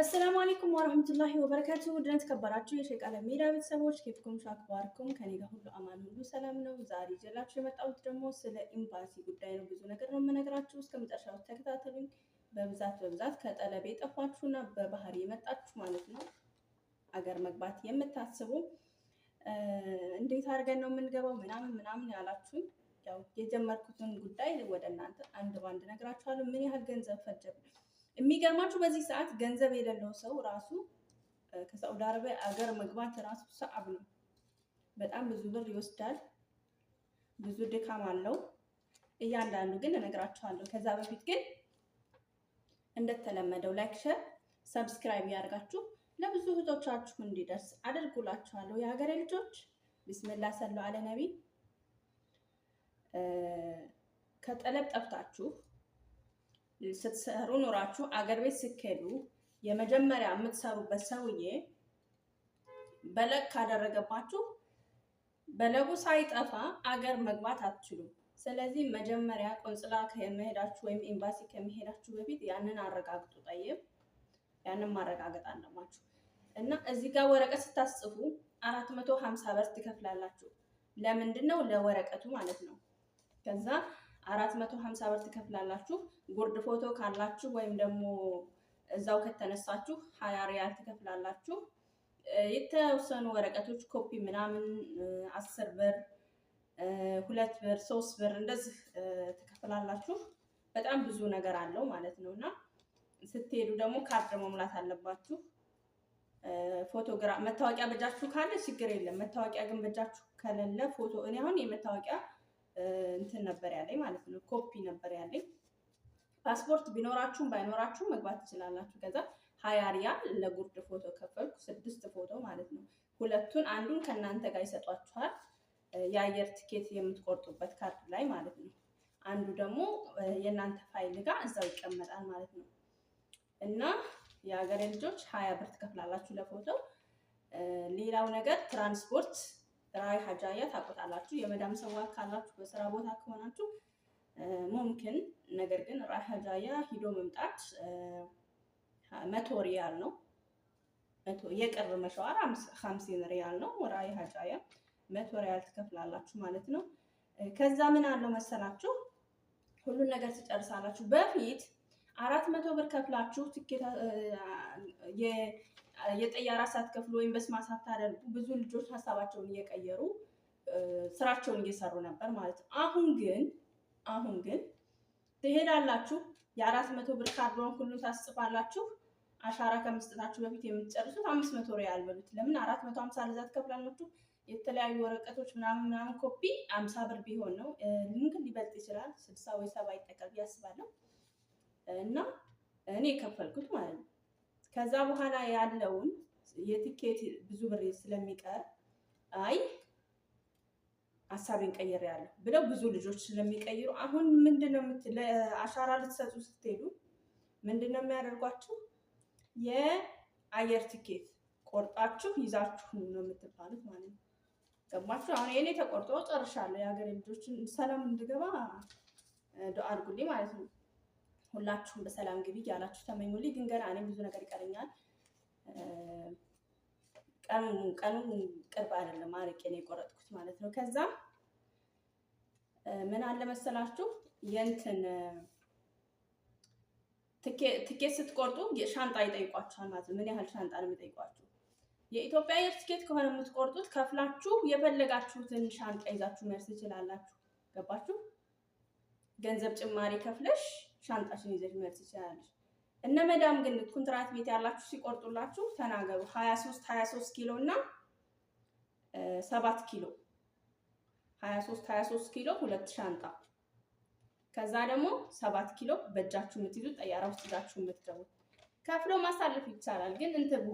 አሰላሙ አለይኩም ወረህመቱላሂ ወበረካቱ። ውድና የተከበራችሁ የሸቃለ ሜዳ ቤተሰቦች ኬፍኩም ሻክባርኩም ከኔ ጋር ሁሉ አማን ሁሉ ሰላም ነው። ዛሬ ይዤላችሁ የመጣሁት ደግሞ ስለ ኤምባሲ ጉዳይ ነው። ብዙ ነገር ነው የምነግራችሁ። እስከ መጨረሻው ተከታተሉኝ። በብዛት በብዛት ከጠለብ የጠፋችሁና በባህር የመጣችሁ ማለት ነው አገር መግባት የምታስቡ እንዴት አድርገን ነው የምንገባው ምናምን ምናምን ያላችሁኝ ያው የጀመርኩትን ጉዳይ ወደ እናንተ አንድ ባንድ ነግራችኋለሁ። ምን ያህል ገንዘብ ፈጀብኝ የሚገርማችሁ በዚህ ሰዓት ገንዘብ የሌለው ሰው ራሱ ከሳዑዲ አረቢያ አገር መግባት ራሱ ሰዓብ ነው። በጣም ብዙ ብር ይወስዳል። ብዙ ድካም አለው። እያንዳንዱ ግን እነግራችኋለሁ። ከዛ በፊት ግን እንደተለመደው ላይክ፣ ሸር፣ ሰብስክራይብ ያደርጋችሁ ለብዙ እህቶቻችሁ እንዲደርስ አድርጉላችኋለሁ። የሀገሬ ልጆች ቢስሚላ ሰለ አለ ነቢ ከጠለብ ጠፍታችሁ ስትሰሩ ኑራችሁ አገር ቤት ስትሄዱ የመጀመሪያ የምትሰሩበት ሰውዬ በለቅ ካደረገባችሁ በለጉ ሳይጠፋ አገር መግባት አትችሉም። ስለዚህ መጀመሪያ ቆንጽላ ከመሄዳችሁ ወይም ኤምባሲ ከመሄዳችሁ በፊት ያንን አረጋግጡ። ጠይም ያንን ማረጋገጥ አለባችሁ እና እዚህ ጋር ወረቀት ስታስጽፉ አራት መቶ ሀምሳ ብር ትከፍላላችሁ። ለምንድን ነው? ለወረቀቱ ማለት ነው። ከዛ አራት መቶ ሀምሳ ብር ትከፍላላችሁ። ጉርድ ፎቶ ካላችሁ ወይም ደግሞ እዛው ከተነሳችሁ ሀያ ሪያል ትከፍላላችሁ። የተወሰኑ ወረቀቶች ኮፒ ምናምን አስር ብር፣ ሁለት ብር፣ ሶስት ብር እንደዚህ ትከፍላላችሁ። በጣም ብዙ ነገር አለው ማለት ነው እና ስትሄዱ ደግሞ ካርድ መሙላት አለባችሁ። ፎቶግራፍ መታወቂያ በጃችሁ ካለ ችግር የለም። መታወቂያ ግን በጃችሁ ከሌለ ፎቶ እኔ አሁን የመታወቂያ እንትን ነበር ያለኝ ማለት ነው። ኮፒ ነበር ያለኝ። ፓስፖርት ቢኖራችሁም ባይኖራችሁም መግባት ትችላላችሁ። ከዛ ሀያ ሪያል ለጉርድ ፎቶ ከፈልኩ፣ ስድስት ፎቶ ማለት ነው። ሁለቱን አንዱን ከእናንተ ጋር ይሰጧችኋል፣ የአየር ትኬት የምትቆርጡበት ካርድ ላይ ማለት ነው። አንዱ ደግሞ የእናንተ ፋይል ጋር እዛው ይቀመጣል ማለት ነው። እና የሀገሬ ልጆች ሀያ ብር ትከፍላላችሁ ለፎቶ። ሌላው ነገር ትራንስፖርት ራይ ሀጃያ ታቆጣላችሁ። የመዳም ሰዋ ካላችሁ በስራ ቦታ ከሆናችሁ ሙምክን። ነገር ግን ራይ ሀጃያ ሂዶ መምጣት መቶ ሪያል ነው። የቅርብ መሸዋር ሀምሲን ሪያል ነው። ራይ ሀጃያ መቶ ሪያል ትከፍላላችሁ ማለት ነው። ከዛ ምን አለው መሰላችሁ ሁሉን ነገር ትጨርሳላችሁ። በፊት አራት መቶ ብር ከፍላችሁ የጠያራ ሳትከፍሉ ወይም በስማ ሳታደርጉ ብዙ ልጆች ሀሳባቸውን እየቀየሩ ስራቸውን እየሰሩ ነበር ማለት ነው። አሁን ግን አሁን ግን ትሄዳላችሁ የአራት መቶ ብር ካርዶን ሁሉ ታስጽፋላችሁ። አሻራ ከመስጠታችሁ በፊት የምትጨርሱት አምስት መቶ ሪያል በሉት። ለምን አራት መቶ አምሳ ለዛ ትከፍላላችሁ። የተለያዩ ወረቀቶች ምናምን ምናምን ኮፒ አምሳ ብር ቢሆን ነው ምንክን ሊበልጥ ይችላል። ስልሳ ወይ ሰባ ይጠቀም ያስባለሁ እና እኔ የከፈልኩት ማለት ነው ከዛ በኋላ ያለውን የትኬት ብዙ ብር ስለሚቀር አይ ሀሳቤን ቀይር ያለው ብለው ብዙ ልጆች ስለሚቀይሩ አሁን ምንድነው ለአሻራ ልትሰጡ ስትሄዱ ምንድነው የሚያደርጓችሁ? የአየር ትኬት ቆርጣችሁ ይዛችሁ ነው የምትባሉት ማለት ነው። ገባችሁ? አሁን የኔ ተቆርጦ ጨርሻለሁ። የሀገሬ ልጆችን ሰላም እንድገባ ዱአ አድርጉልኝ ማለት ነው። ሁላችሁም በሰላም ግቢ ያላችሁ ተመኙልኝ። ግን ገና እኔም ብዙ ነገር ይቀረኛል። ቀኑ ቅርብ አይደለም አርቄ ነው የቆረጥኩት ማለት ነው። ከዛ ምን አለ መሰላችሁ የእንትን ትኬት ስትቆርጡ ሻንጣ ይጠይቋችኋል ማለት ነው። ምን ያህል ሻንጣ ነው የሚጠይቋችሁ? የኢትዮጵያ አየር ትኬት ከሆነ የምትቆርጡት ከፍላችሁ የፈለጋችሁትን ሻንጣ ይዛችሁ መርስ ትችላላችሁ። ገባችሁ? ገንዘብ ጭማሪ ከፍለሽ ሻንጣሽን ይዘሽ መሄድ ትችላለች። እነ መዳም ግን ኮንትራት ቤት ያላችሁ ሲቆርጡላችሁ ተናገሩ። 23 23 ኪሎ እና 7 ኪሎ 23 23 ኪሎ ሁለት ሻንጣ ከዛ ደግሞ 7 ኪሎ በእጃችሁ የምትይዙት ጠያራ ውስጥ ይዛችሁ የምትገቡት ከፍሎ ማሳለፍ ይቻላል። ግን እንትቡ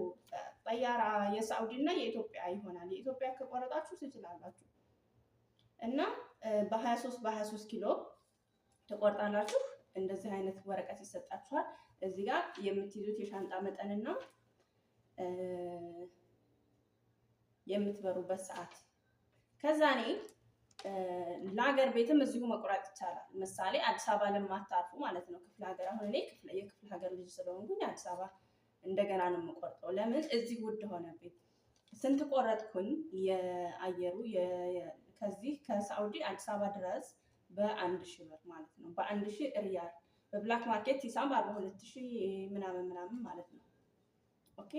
ጠያራ የሳውዲ እና የኢትዮጵያ ይሆናል። የኢትዮጵያ ከቆረጣችሁ ትችላላችሁ እና በ23 በ23 ኪሎ ትቆርጣላችሁ። እንደዚህ አይነት ወረቀት ይሰጣችኋል። እዚህ ጋር የምትይዙት የሻንጣ መጠንና የምትበሩበት ሰዓት። ከዛ እኔ ለሀገር ቤትም እዚሁ መቁረጥ ይቻላል። ምሳሌ አዲስ አበባ ለማታርፉ ማለት ነው። ክፍለ ሀገር አሁን እኔ የክፍለ ሀገር ልጅ ስለሆንኩኝ አዲስ አበባ እንደገና ነው የምቆርጠው። ለምን እዚህ ውድ ሆነብኝ። ስንት ቆረጥኩኝ? የአየሩ ከዚህ ከሳውዲ አዲስ አበባ ድረስ በአንድ ሺ ብር ማለት ነው። በአንድ ሺ ሪያል በብላክ ማርኬት ሂሳብ አርባ ሁለት ሺ ምናምን ምናምን ማለት ነው። ኦኬ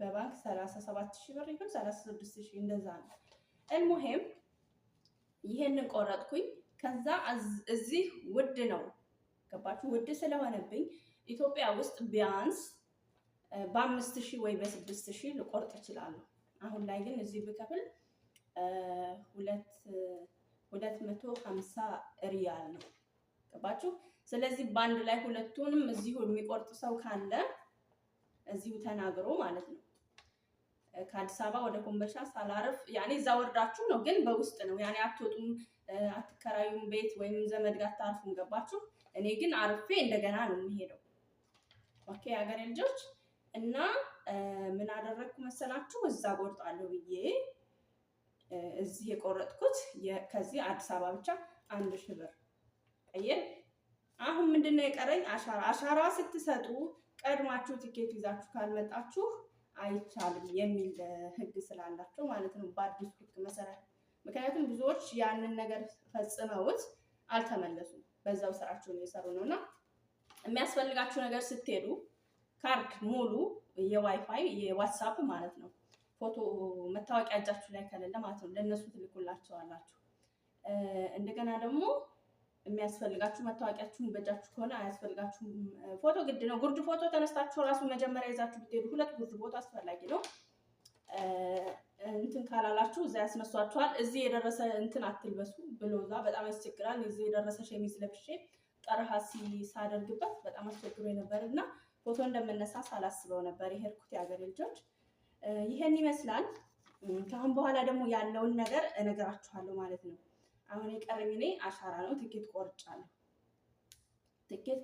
በባንክ ሰላሳ ሰባት ሺ ብር ይሁን ሰላሳ ስድስት ሺ እንደዛ ነው። እልሙሄም ይሄንን ቆረጥኩኝ። ከዛ እዚህ ውድ ነው ገባችሁ? ውድ ስለሆነብኝ ኢትዮጵያ ውስጥ ቢያንስ በአምስት ሺህ ወይ በስድስት ሺህ ልቆርጥ እችላለሁ። አሁን ላይ ግን እዚህ ብከፍል ሁለት 250 ሪያል ነው። ገባችሁ? ስለዚህ በአንድ ላይ ሁለቱንም እዚሁ የሚቆርጥ ሰው ካለ እዚሁ ተናግሮ ማለት ነው። ከአዲስ አበባ ወደ ኮምቦልቻ ሳላረፍ ያኔ እዛ ወርዳችሁ ነው፣ ግን በውስጥ ነው ያኔ አትወጡም፣ አትከራዩም ቤት ወይም ዘመድ ጋር ታርፉም። ገባችሁ? እኔ ግን አርፌ እንደገና ነው የሚሄደው። ኦኬ የሀገሬ ልጆች እና ምን አደረግኩ መሰላችሁ እዛ ቆርጣለሁ ብዬ እዚህ የቆረጥኩት ከዚህ አዲስ አበባ ብቻ አንድ ሺህ ብር ጠየቅ። አሁን ምንድነው የቀረኝ? አሻራ። አሻራ ስትሰጡ ቀድማችሁ ቲኬት ይዛችሁ ካልመጣችሁ አይቻልም የሚል ህግ ስላላቸው ማለት ነው፣ በአዲሱ ሕግ መሰረት። ምክንያቱም ብዙዎች ያንን ነገር ፈጽመውት አልተመለሱም፣ በዛው ስራቸውን እየሰሩ ነው። እና የሚያስፈልጋችሁ ነገር ስትሄዱ ካርድ ሙሉ፣ የዋይፋይ የዋትሳፕ ማለት ነው ፎቶ መታወቂያ እጃችሁ ላይ ከሌለ ማለት ነው ለእነሱ ትልኩላቸዋላችሁ። እንደገና ደግሞ የሚያስፈልጋችሁ መታወቂያችሁን በእጃችሁ ከሆነ አያስፈልጋችሁም። ፎቶ ግድ ነው። ጉርድ ፎቶ ተነስታችሁ ራሱ መጀመሪያ ይዛችሁ ብትሄዱ ሁለት ጉርድ ፎቶ አስፈላጊ ነው። እንትን ካላላችሁ እዛ ያስነሷችኋል። እዚህ የደረሰ እንትን አትልበሱ ብሎ እዛ በጣም ያስቸግራል። እዚህ የደረሰ ሸሚዝ ለብሼ ጠረሃ ሳደርግበት በጣም አስቸግሮ ነበር እና ፎቶ እንደምነሳ ሳላስበው ነበር የሄድኩት የሀገር ልጆች ይሄን ይመስላል። ከአሁን በኋላ ደግሞ ያለውን ነገር እነግራችኋለሁ ማለት ነው። አሁን የቀረኝ እኔ አሻራ ነው። ትኬት ቆርጫለሁ። ትኬት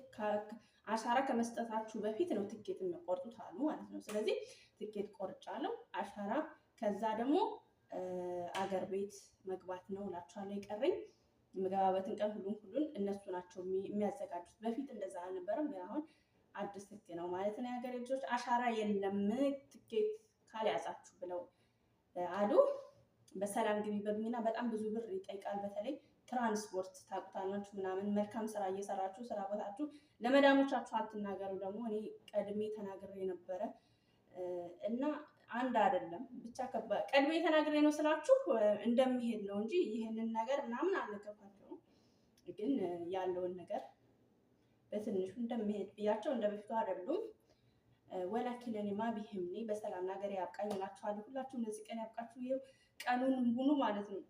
አሻራ ከመስጠታችሁ በፊት ነው ትኬት የሚቆርጡት አሉ ማለት ነው። ስለዚህ ትኬት ቆርጫለሁ፣ አሻራ ከዛ ደግሞ አገር ቤት መግባት ነው እላችኋለሁ የቀረኝ የምገባበትን ቀን ሁሉም ሁሉን እነሱ ናቸው የሚያዘጋጁት። በፊት እንደዛ አልነበረም። አሁን አዲስ ህግ ነው ማለት ነው። የሀገሬ ልጆች አሻራ የለም ትኬት ካልያዛችሁ ብለው አሉ። በሰላም ግቢ በሉኝና በጣም ብዙ ብር ይጠይቃል። በተለይ ትራንስፖርት ታቁታላችሁ ምናምን። መልካም ስራ እየሰራችሁ ስራ ቦታችሁ ለመዳሞቻችሁ አትናገሩ። ደግሞ እኔ ቀድሜ ተናግሬ የነበረ እና አንድ አይደለም ብቻ ከባ ቀድሜ ተናግሬ ነው ስላችሁ እንደሚሄድ ነው እንጂ ይህንን ነገር ምናምን አልነገርኳቸውም። ግን ያለውን ነገር በትንሹ እንደሚሄድ ብያቸው እንደበፊቱ አይደሉም። ወላኪለኒ ማቢህም ኔ በሰላም ሀገር ያብቃኝ እላችኋለሁ። ሁላችሁም ለዚህ ቀን ያብቃችሁ። ይኸው ቀኑን ሙሉ ማለት ነው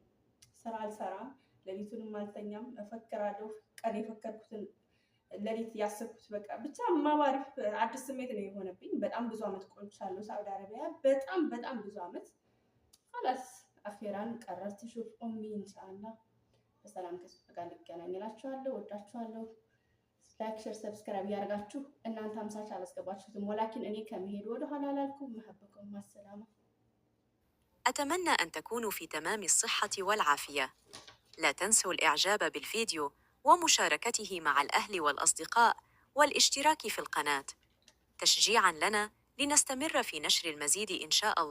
ስራ አልሰራም፣ ሌሊቱንም አልተኛም፣ እፈክራለሁ። ቀን የፈከርኩትን ሌሊት ያሰብኩት በቃ ብቻ ማባሪፍ አዲስ ስሜት ነው የሆነብኝ። በጣም ብዙ አመት ቆይቻለሁ ሳውዲ አረቢያ፣ በጣም በጣም ብዙ አመት ሀላስ አፌራን ቀረርት ሹፍ ኦሚ ኢንሻአላህ በሰላም ከሱ ጋር ልገናኝ ወዳችኋለሁ። ላይክ ሼር ሰብስክራይብ ያደርጋችሁ እናንተ አምሳች አላስገባችሁትም። ወላኪን እኔ ከመሄድ ወደ ኋላ አላልኩም። መሀበኩም ማሰላማ أتمنى أن تكونوا في تمام الصحة والعافية لا تنسوا الإعجاب بالفيديو ومشاركته مع الأهل والأصدقاء والاشتراك في القناة تشجيعا لنا لنستمر في نشر المزيد إن شاء الله